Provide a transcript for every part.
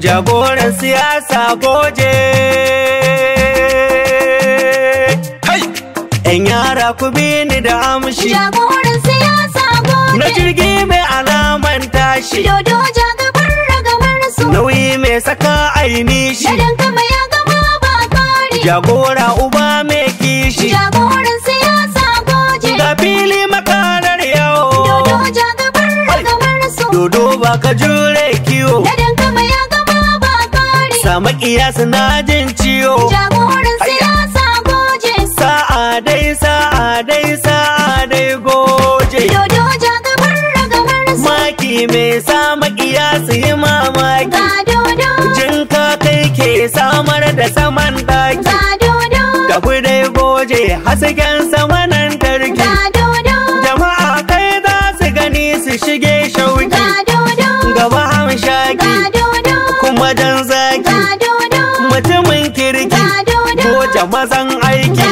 jagoran siyasa goje yan yara ku bi ni da amshi jagoran siyasa goje na jirgi mai alaman tashi dodo jagabar ragamar su nauyi mai saka aini shi da kama ya gama ba kari jagora uba mai kishi jagoran siyasa goje ga fili makarar yawo dodo jagabar ragamar su dodo ba ka jure kiwo makiya suna jin ciwo jagoran siyasa goje sa'a dai sa'a dai sa'a dai goje dodo jagabar ragamar su maki mai sa makiya su yi mamaki ga dodo ka kai ke samar da saman daki ga dodo ga dai goje hasken samanan tarki ga dodo jama'a kai za su gani su shige ko da mazan aiki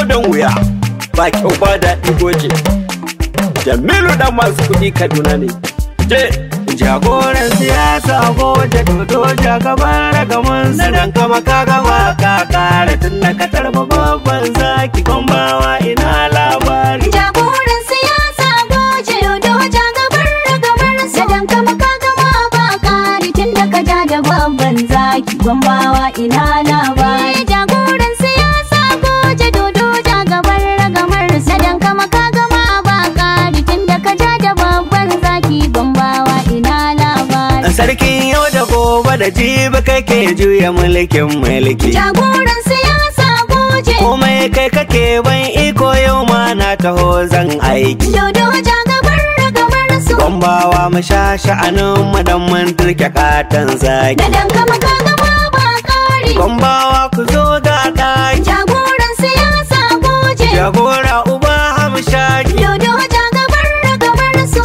odon wuya ba kyau ba daɗi goje jamilu dan masu kuɗi kaduna ne je jagoran siyasa goje dodo jagaban ragaman su dan kama ka gama ka kare tun da ka babban zaki gombawa ina labari jagoran siyasa goje dodo jagaban ragaman su dan kama ka gama ba kare tun da ka babban zaki gombawa ina labari Sarkin yau da gobe da jibi kake juya mulkin mulki jagoran siyasa goje komai kai kake ban iko yau ma na taho zan aiki yau da gabar su gombawa mu shashi sha'anin mu dan katan zaki da danka maka ba kari. gombawa ku zo ga daki jagoran siyasa goje jagora uba hamshaki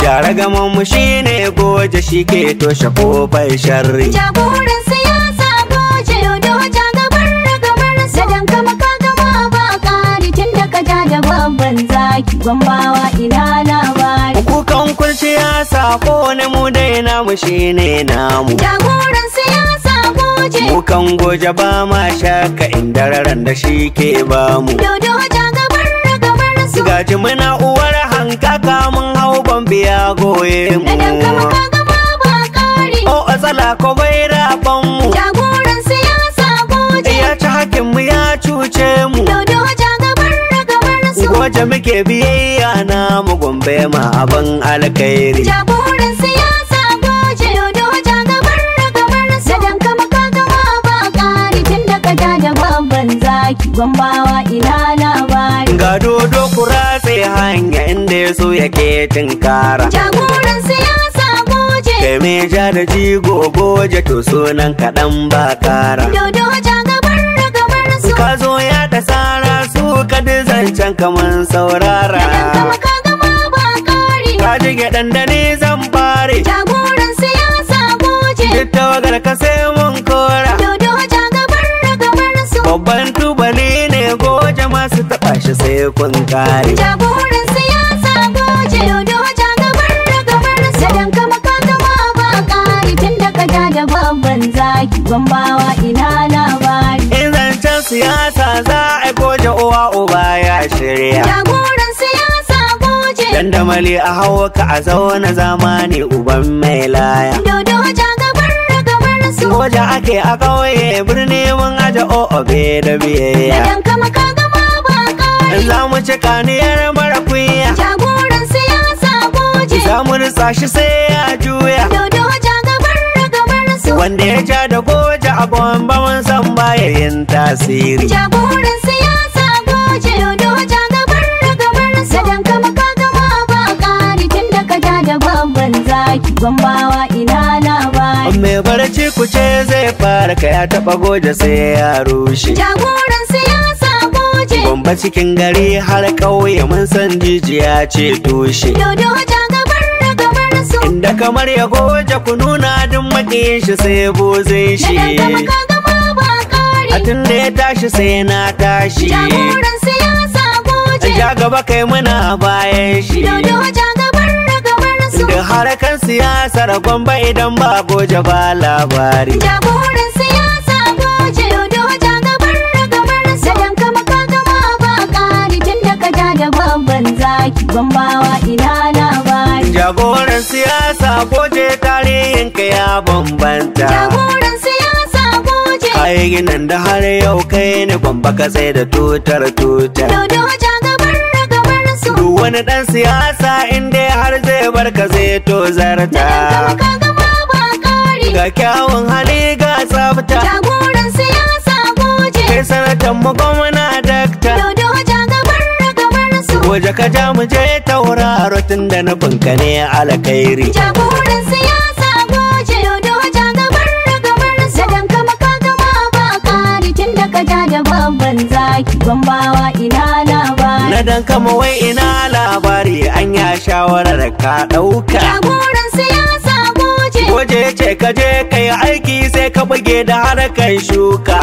Gyara gaman mu shine goje shi ke toshe kofar sharri. Jagoran siyasa goje doja gabar gabar sa dan kama ka gama ba kari tun da ka ja da babban zaki gwambawa ina labari. Kukan kurciya sako na mu dai namu shine namu. Jagoran siyasa goje. Mukan goje ba ma shaka inda raran da shi ke bamu. Dodo ja gabar gabar Gaji muna ya goye mu. Da dangama ka ba O oh, asala ko bai raban mu. Jagoran siyasa goje. Ya ci hakin mu ya cuce mu. Dodo ja gabar gabar su. Goje muke biyayya na mu gombe ma abin alkhairi. Jagoran siyasa goje. Dodo ja gabar gabar su. Da dangama ka gaba ba kari Tun daga da babban zaki gwamba. tinkara jagoran siyasa goje kai ja da jigo goje to sunan kaɗan ba kara dodo ja gabar da gabar su ka zo ya da sara su ka zancen kaman saurara ka gama ba kari ka jige dandane zan fare jagoran siyasa goje duk ka sai mun kora dodo ja gabar da gabar su babban tubali ne goje masu taɓa shi sai kun kare jagoran gombawa ina labari in zancen siyasa za a goje uwa uba ya shirya jagoran siyasa goje dandamali a hawa ka a zauna zamani uban mai laya dodo jagabar da gabar su goje ake a ƙauye birni mun aje o'obe da biyayya da dankama ka gama ba ƙari za mu ci kaniyar mara kunya jagoran siyasa goje za mu rutsa shi sai ya juya dodo wanda ya ja da goje a gomba mun san baya yin tasiri jagoran siyasa goje doja gabar gabar sa dan kama ka gama ba kari tun da ka ja da babban zaki gombawa ina labari me barci ku ce zai fara ka ya taba goje sai ya rushe jagoran siyasa goje gomba cikin gari har kauye mun san jijiya ce tushe dodo inda kamar ya goje ku nuna duk makiyin shi sai bozin shi a tun da ya tashi sai na tashi jagoran siyasa goje ja gaba kai muna bayan shi gabar da harakan siyasar gwamba idan ba goje ba labari jagoran baki ina na jagoran siyasa ko je tarihin ka ya bambanta jagoran siyasa ko je nan da har yau kai ne gwamba ka tsaye da tutar tutar Duk wani ɗan siyasa in dai har zai bar ka zai to zarta. Ga kyawun hali ga tsafta. Jagoran siyasa goje. Kai sanatan mu gwamna dakta. wajen gabar Waje ka ja tun da na ka ne alkhairi jagoran siyasa goje doja gabar gabar sadan kama ka gama ba kari tun da ka ja da babban zaki bambawa ina labari na dan kama wai ina labari an ya shawarar ka ɗauka jagoran siyasa goje goje ce ka je ka yi aiki sai ka buge da harkar shuka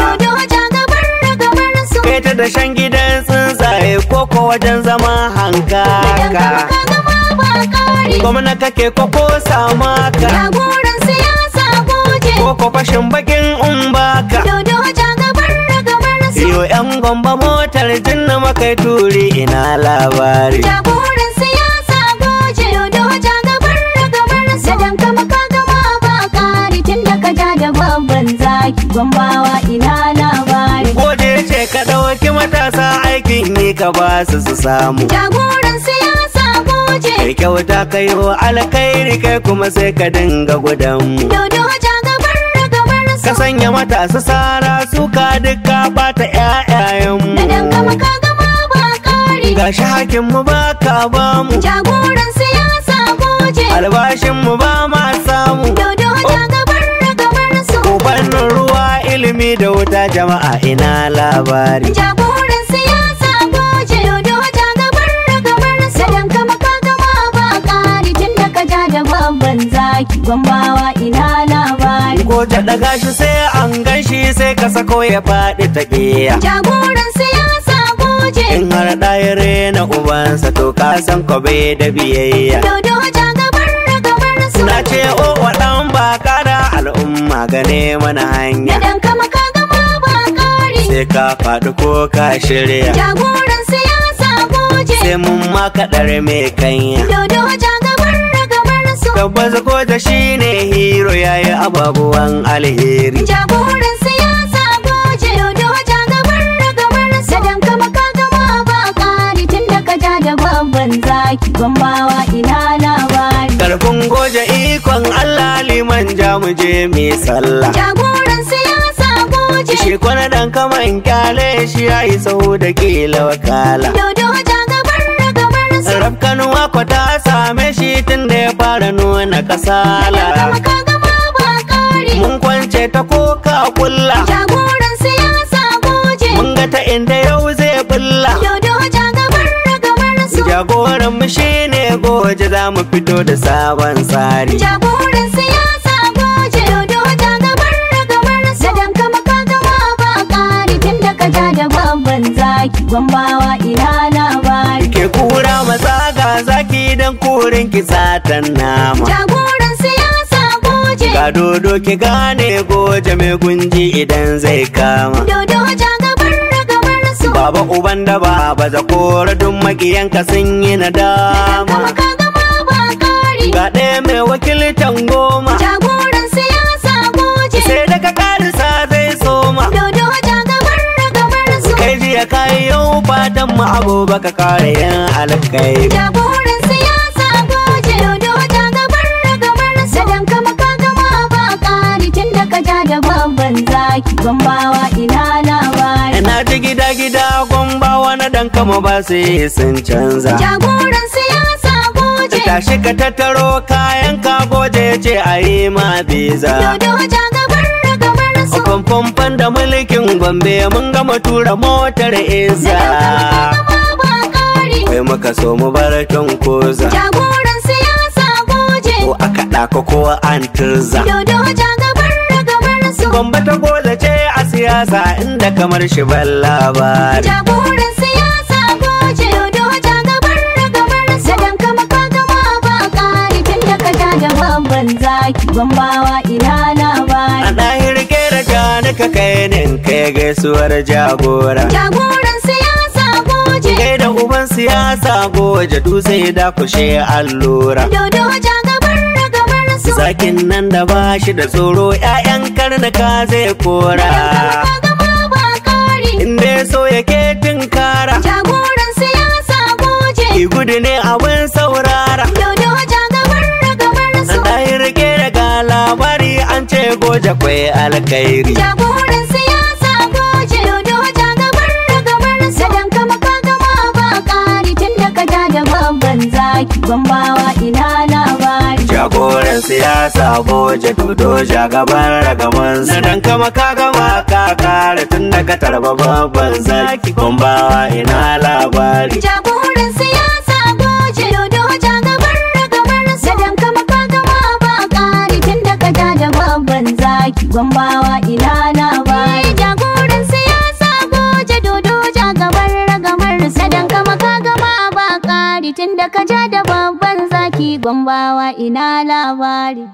kai ta da shan gidan tsuntsaye koko wajen zama hankaka gwamna kake koko sama ka jagoran siyasa goje koko fashin bakin umbaka dodo ja gabar gabar su yo yan gomba motar jinna makai turi ina labari ɗauki matasa aikin yi ka ba su su samu. Jagoran siyasa goje. Kai kyauta kai ho alkhairi kai kuma sai ka dinga gudan mu. Dodo gabar da gabar su. Ka sanya matasa sara suka duka bata mu. Da dangama ka gama ba ƙari. Gashi hakin mu ba ka ba mu. Jagoran siyasa goje. Albashin mu ba ma samu. Dodo jagabar da gabar su. Ko ruwa. ilimi da wuta jama'a ina labari jagoran siyasa ko jilodo ta gabar gabar sadan ka gama ba kari tun da ka ja da babban zaki ina labari ko ta daga shi sai an ganshi sai ka sako ya faɗi ta ƙiya jagoran siyasa ko jilodo in har ɗaya rena ubansa to ka san kobe da biyayya dodo ta gabar gabar na ce o waɗan ba kara al'umma gane mana hanya ka faɗi ko ka shirya jagoran siyasa goje sai mun makaɗar mai kanya dodo jagabar ragabar su tabbas goje shine hero yayi ababuwan alheri jagoran siyasa goje dodo jagabar gabar su da kama ka gama ba kari tun da ka ja da babban zaki bambawa, ina labari karfin goje ikon Allah liman jamuje mai sallah jagoran siyasa Shi kwana dan kama in kyale shi ya yi sahu da kila wakala. Dodo ta gabar da gabar sa. Rab kanuwa ko ta same shi tun da ya fara nuna kasala. Kama ka gama ba kare. Mun kwance ta koka kulla. Jagoran siyasa goje. Mun ga ta inda yau zai bulla. Dodo ta gabar da gabar sa. Jagoran mu ne goje za mu fito da sabon tsari. Jagoran gwambawa ina labari ke kura ga zaki dan kurin satan nama jagoran siyasa goje ga dodo ki gane goje mai gunji idan zai kama dodo jagabar gabar su baba uban da baba duk dun ka sun yi nadama ga ɗaya mai wakiltan goma kuma abubakar kare yin alkai jagoran siyasa goje dota gabar gabar sadan kama ka gama ba kari tun da ka ja da babban zaki gombawa ina labari na ta gida gida gombawa na dan kama ba sai sun canza jagoran siyasa goje tashi ka tattaro kayan ka goje ce a yi ma biza famfamfan da mulkin gombe mun gama tura motar iza kai muka so mu bar koza jagoran siyasa goje ko aka ɗaka kowa an turza dodo Gombe ta gola ce a siyasa inda kamar shi ban labari. Jagoran siyasa goje yodo ta gabar da gabar sa dan kama ka gama ba kari tun da ka ma babban zaki gombawa ina labari. A ka kai ne kai gaisuwar jagora jagoran siyasa goje kai da uban siyasa goje dutse da kushe allura dodo jagabar gabar su zakin nan da bashi da tsoro 'ya'yan karnuka zai kora inda so yake tinkara jagoran siyasa goje gudu ne a abin saurara dodo jagabar gabar su da rike daga labari an ce goje kwai alkairi jagoran siyasa goje doja gabar da gabar sa dan kama ka gama ba kari tun da ka da babban zaki bambawa ina labari jagoran siyasa goje doja gabar da sa dan kama ka gama ka kare tun da ka tarba babban zaki bambawa ina labari Gombawa ina labari.